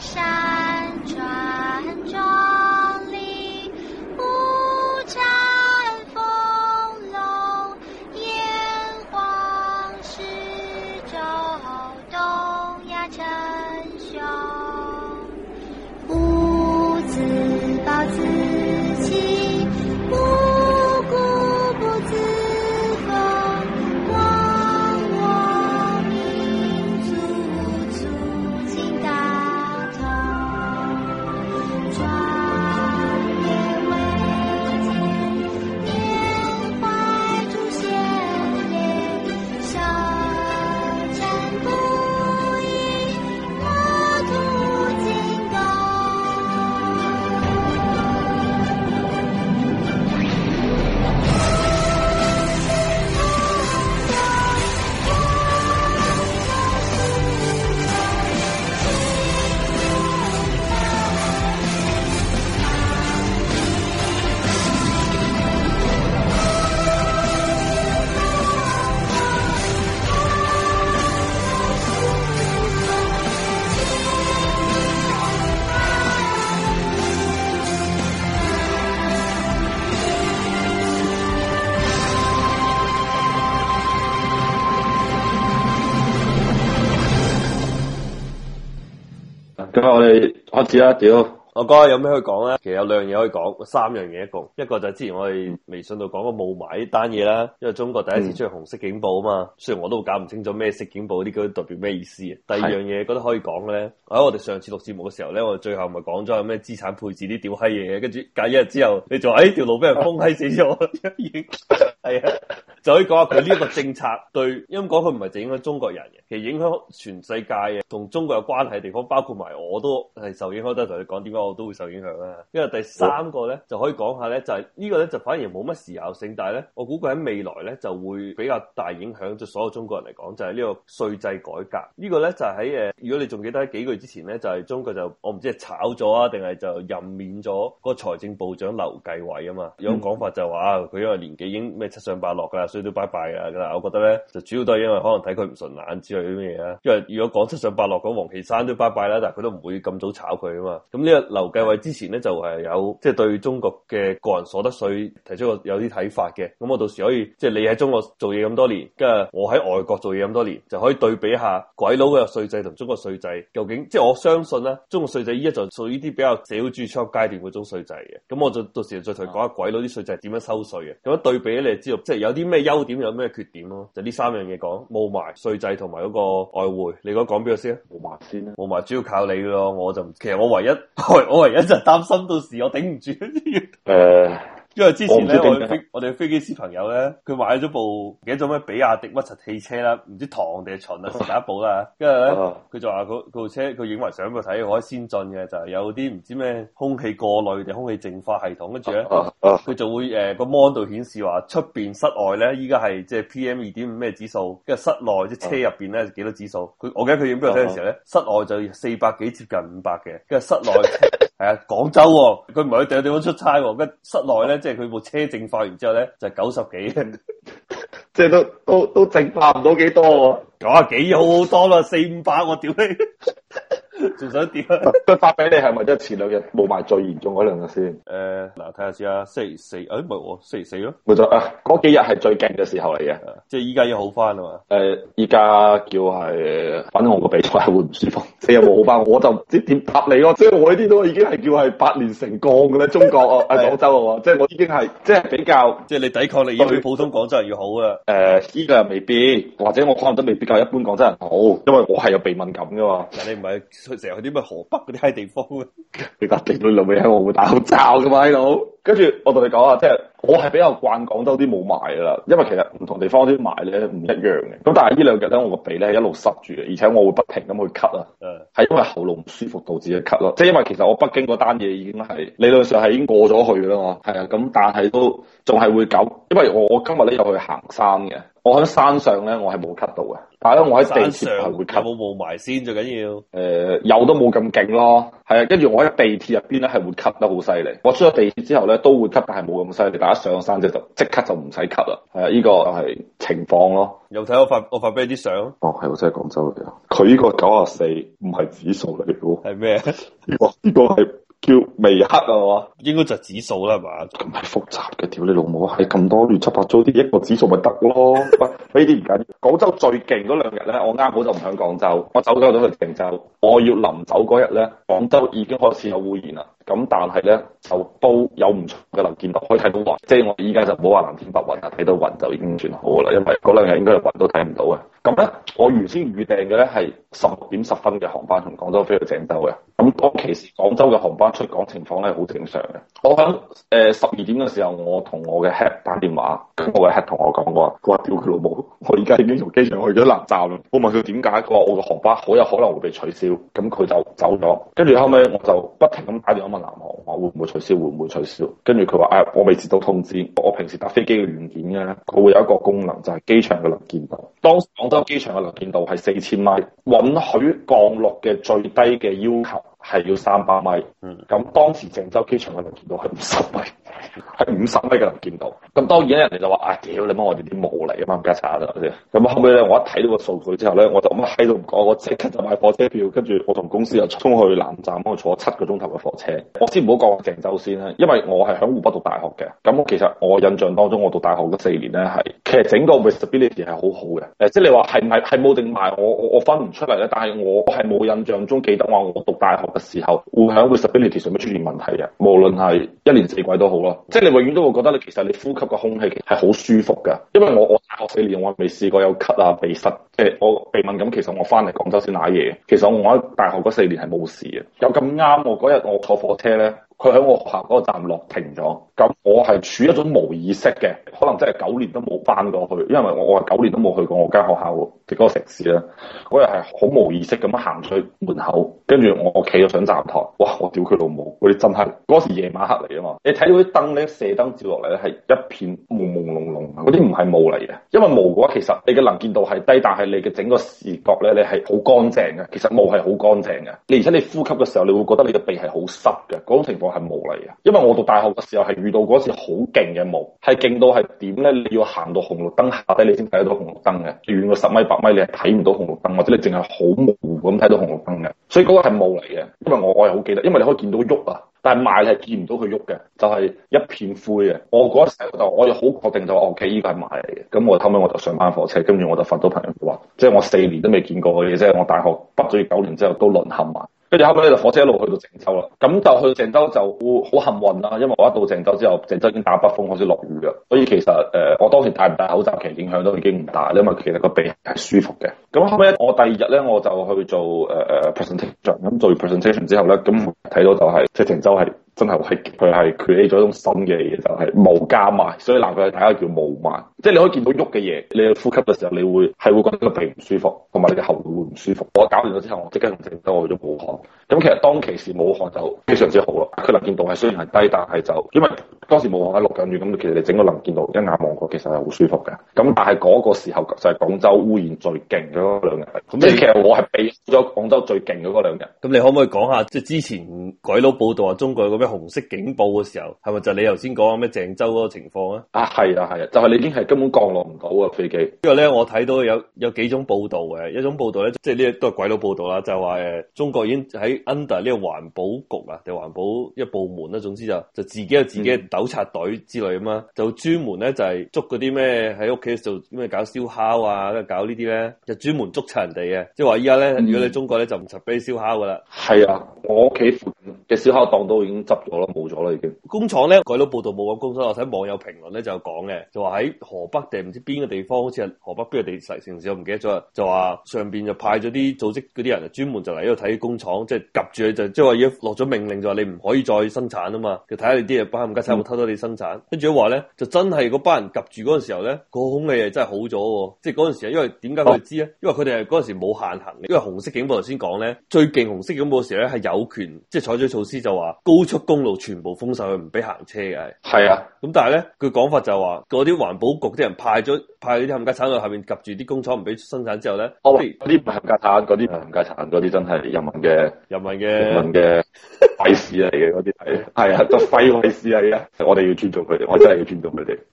沙。知啦，屌！我講下有咩可以講咧？其實有兩樣嘢可以講，三樣嘢一共。一個就係之前我哋微信度講個霧霾呢單嘢啦，因為中國第一次出現紅色警報啊嘛。雖然我都搞唔清楚咩色警報啲咁代表咩意思。第二樣嘢覺得可以講咧，喺我哋上次錄節目嘅時候咧，我最後咪講咗有咩資產配置啲屌閪嘢，跟住隔一日之後你，你仲話誒條路俾人封閪死咗，已經係啊。就可以講下佢呢一個政策對，因為講佢唔係淨影響中國人嘅，其實影響全世界嘅，同中國有關係嘅地方，包括埋我都係受影響。得同你講點解我都會受影響咧？因為第三個咧好就可以講下咧，就係呢個咧就反而冇乜時效性，但係咧我估計喺未來咧就會比較大影響，咗所有中國人嚟講，就係呢個稅制改革。呢個咧就喺誒，如果你仲記得喺幾個月之前咧，就係中國就我唔知係炒咗啊，定係就任免咗個財政部長樓繼偉啊嘛。有種講法就話佢因為年紀已經咩七上八落㗎啦。衰拜拜啊！噶啦，我覺得咧就主要都係因為可能睇佢唔順眼之類啲咩嘢啊。因為如果講七上八落，講王岐山都拜拜啦，但係佢都唔會咁早炒佢啊嘛。咁呢個劉繼偉之前咧就係、是、有即係、就是、對中國嘅個人所得稅提出過有啲睇法嘅。咁我到時可以即係你喺中國做嘢咁多年，跟住我喺外國做嘢咁多年，就可以對比下鬼佬嘅稅制同中國稅制究竟。即係我相信啦，中國稅制依家就係屬於啲比較少中產階段嗰種稅制嘅。咁我就到時再同佢講下鬼佬啲稅制係點樣收稅嘅，咁樣對比呢你就知道即係有啲咩？優點有咩缺點咯、啊？就呢、是、三樣嘢講，霧霾、稅制同埋嗰個外匯。你講講邊個先？啊了，霧霾先啊，霧霾主要靠你咯，我就其實我唯一我唯一就係擔心到時我頂唔住。誒、 uh。因為之前咧，我我哋飛機師朋友咧，佢買咗部嘅一種咩比亞迪乜柒汽車啦，唔知唐定係秦啊，第一部啦。跟住咧，佢 就話嗰部車佢影埋相俾我睇，好先進嘅，就係有啲唔知咩空氣過濾定空氣淨化系統。跟住咧，佢 就會誒個 mon 度顯示話出邊室外咧依家，係即係 PM 二點五咩指數，跟住室內即係車入邊咧幾多指數。佢我記得佢影俾我睇嘅時候咧， 室外就四百幾接近五百嘅，跟住室內。 係啊，廣州、哦，佢唔係去第個地方出差、哦，咁室內咧，即係佢部車淨化完之後咧，就九十幾，即係 都都都淨化唔到幾多、啊，九啊、哦、幾好好多啦， 四五百我屌你。 仲想點？佢發俾你係咪即係前兩日霧霾最嚴重嗰兩日先？誒、呃，嗱睇下先啊，星期四，誒唔係我星期四咯，冇錯啊，嗰幾日係最勁嘅時候嚟嘅、嗯，即係依家要好翻啊嘛。誒、呃，依家叫係，反正我個鼻塞係會唔舒服，四月冇好翻， 我就唔知點答你咯、啊。即係我呢啲都已經係叫係百煉成鋼嘅啦，中國哦，喺廣 啊、州啊嘛，即係我已經係即係比較，即係你抵抗力已經比普通廣州人要好啦。誒、呃，呢、這個又未必，或者我可能都未必較一般廣州人好，因為我係有鼻敏感嘅嘛。但你唔係？佢成日去啲咩河北嗰啲閪地方啊？你隔定嗰度未喺我會打口罩噶嘛喺度？跟住我同你講啊，即係我係比較慣廣州啲霧霾啦，因為其實唔同地方啲霾咧唔一樣嘅。咁但係呢兩日咧，我個鼻咧一路濕住嘅，而且我會不停咁去咳啊。誒的，係因為喉嚨唔舒服導致嘅咳咯。即係因為其實我北京嗰單嘢已經係理論上係已經過咗去啦嘛。係啊，咁但係都仲係會搞，因為我今日咧又去行山嘅。我喺山上咧，我係冇吸到嘅，但係咧我喺地鐵係會吸。冇霧霾先最緊要。誒、呃，有都冇咁勁咯，係啊，跟住我喺地鐵入邊咧係會吸得好犀利。我出咗地鐵之後咧都會吸，但係冇咁犀利。大家上咗山即係就即刻就唔使吸啦。係啊，呢、這個係情況咯。又睇我發我發俾你啲相。哦，係我真係廣州嘅，佢呢個九十四唔係指數嚟嘅。係咩？哇，呢、這個係。叫微克啊，應該就指數啦，係嘛？咁係複雜嘅，屌你老母啊，咁多亂七八糟啲，一個指數咪得咯？喂，呢啲唔緊要。廣州最勁嗰兩日咧，我啱好就唔響廣州，我走咗到去鄭州。我要臨走嗰日咧，廣州已經開始有污染啦。咁但係咧就都有唔錯嘅能見度可以睇到雲，即係我依家就唔好話藍天白雲啦，睇到雲就已經算好啦。因為嗰兩日應該係雲都睇唔到啊。咁咧，我原先預訂嘅咧係十六點十分嘅航班，從廣州飛去鄭州嘅。咁當其時廣州嘅航班出港情況咧，好正常嘅。我喺誒十二點嘅時候，我同我嘅 head 打電話，咁我嘅 head 同我講話，佢話屌佢老母，我而家已經從機場去咗南站啦。我問佢點解？佢話我嘅航班好有可能會被取消。咁佢就走咗，跟住後尾我就不停咁打電話問南航話會唔會取消？會唔會取消？跟住佢話誒，我未接到通知。我平時搭飛機嘅軟件嘅咧，佢會有一個功能就係機場嘅能見度。當時廣州機場嘅能見度係四千米，允許降落嘅最低嘅要求。係要三百米，咁、嗯、當時鄭州機場嗰度見到係五十米，係五十米嘅能見度。咁當然咧，人哋就話：啊，屌你乜？我哋啲霧嚟啊嘛！唔該查下啦。咁後尾咧，我一睇到個數據之後咧，我就乜喺度唔講，我即刻就買火車票，跟住我同公司又衝去南站，咁我坐七個鐘頭嘅火車。我先唔好講鄭州先啦，因為我係響湖北讀大學嘅。咁其實我印象當中，我讀大學嗰四年咧，係其實整個 visibility 係好好嘅。誒、就是，即係你話係唔係係霧定霾。我我我分唔出嚟咧。但係我係冇印象中記得話我讀大學。嘅時候，會喺個 resiliency 上面出現問題嘅。無論係一年四季都好咯，即係你永遠都會覺得你其實你呼吸嘅空氣其實係好舒服嘅。因為我我大學四年我未試過有咳啊、鼻塞，即、呃、係我鼻敏感。其實我翻嚟廣州先攬嘢，其實我喺大學嗰四年係冇事嘅。有咁啱，我嗰日我坐火車咧。佢喺我學校嗰個站落停咗，咁我係處一種無意識嘅，可能真係九年都冇翻過去，因為我我九年都冇去過我間學校嘅嗰個城市啦。嗰日係好無意識咁樣行出去門口，跟住我企咗上站台，哇！我屌佢老母，嗰啲真係嗰時夜晚黑嚟啊嘛！你睇到啲燈咧，射燈照落嚟咧係一片朦朦朧朧，嗰啲唔係霧嚟嘅，因為霧嘅話其實你嘅能見度係低，但係你嘅整個視覺咧你係好乾淨嘅，其實霧係好乾淨嘅。你而且你呼吸嘅時候，你會覺得你嘅鼻係好濕嘅嗰種情況。係霧嚟啊！因為我讀大學嘅時候係遇到嗰次好勁嘅霧，係勁到係點咧？你要行到紅綠燈下底，你先睇得到紅綠燈嘅，遠過十米百米，你係睇唔到紅綠燈，或者你淨係好模糊咁睇到紅綠燈嘅。所以嗰個係霧嚟嘅。因為我我係好記得，因為你可以見到喐啊，但係霾你係見唔到佢喐嘅，就係一片灰嘅。我嗰時候就我又好確定就話，O K，依個係霾嚟嘅。咁我後尾我就上翻火車，跟住我就發到朋友圈話，即係我四年都未見過佢嘅，即係我大學畢咗業九年之後都淪陷埋。跟住後尾咧就火車一路去到鄭州啦，咁就去鄭州就好幸運啦，因為我一到鄭州之後，鄭州已經打北風開始落雨嘅，所以其實誒、呃、我當時戴唔戴口罩其實影響都已經唔大，因為其實個鼻係舒服嘅。咁後尾我第二日咧我就去做誒誒、呃、presentation，咁做完 presentation 之後咧，咁睇到就係即係鄭州係。真係係佢係佢起咗一種新嘅嘢，就係霧加霾。所以嗱佢大家叫霧霾，即係你可以見到喐嘅嘢，你去呼吸嘅時候你會係會覺得個鼻唔舒服，同埋你嘅喉嚨會唔舒服。我搞完咗之後，我即刻同鄭生我去咗武漢。咁其實當其時武漢就，非常之好啊！佢能見度係雖然係低，但係就因為當時武漢落緊雨，咁其實你整個能見度一眼望過，其實係好舒服嘅。咁但係嗰個時候就係廣州污染最勁嗰兩日，即係麼其實我係避咗廣州最勁嘅嗰兩日。咁你可唔可以講下即係之前鬼佬報道話中國有個咩紅色警報嘅時候，係咪就是你頭先講咩鄭州嗰個情況呢啊？啊係啊係啊，就係、是、你已經係根本降落唔到嘅飛機。因為咧，我睇到有有幾種報道嘅。一種報道咧，即係呢、這個、都係鬼佬報道啦，就話誒、呃、中國已經喺。under 呢個環保局啊，定係環保一部門咧，啊，總之就就自己有自己嘅督察隊之類咁嘛，嗯、就專門咧就係、是、捉嗰啲咩喺屋企做咩搞燒烤啊，搞呢啲咧，就專門捉查人哋嘅，即係話依家咧，嗯、如果你中國咧就唔查俾燒烤噶啦，係啊，我屋企。嘅燒烤檔都已經執咗咯，冇咗啦已經。工廠咧改到報道冇講工廠，我睇網友評論咧就講嘅，就話喺河北定唔知邊個地方，好似係河北邊個地市城市，我唔記得咗啦。就話上邊就派咗啲組織嗰啲人，專門就嚟呢度睇工廠，即係夾住就即係話已經落咗命令，就話你唔可以再生產啊嘛。其實睇下你啲嘢，不鏽鋼生產有冇偷偷地生產？跟住都話咧，就真係嗰班人夾住嗰陣時候咧，空氣就是、個空氣係真係好咗喎。即係嗰陣時因為點解佢知咧？因為佢哋係嗰陣時冇限行嘅，因為紅色警報頭先講咧，最勁紅色警報時咧係有權即係、就是、採取老師就話高速公路全部封晒佢，唔俾行車嘅係是啊呢。咁但係咧，佢講法就話嗰啲環保局啲人派咗派啲冚家鏟去下面及住啲工廠，唔俾生產之後咧，即係嗰啲冚家鏟，嗰啲冚家鏟，嗰啲是、啊、真係人民嘅人民嘅人民嘅廢事嚟嘅嗰啲係係啊，個廢廢事嚟啊！我哋要尊重佢哋，我真係要尊重佢哋。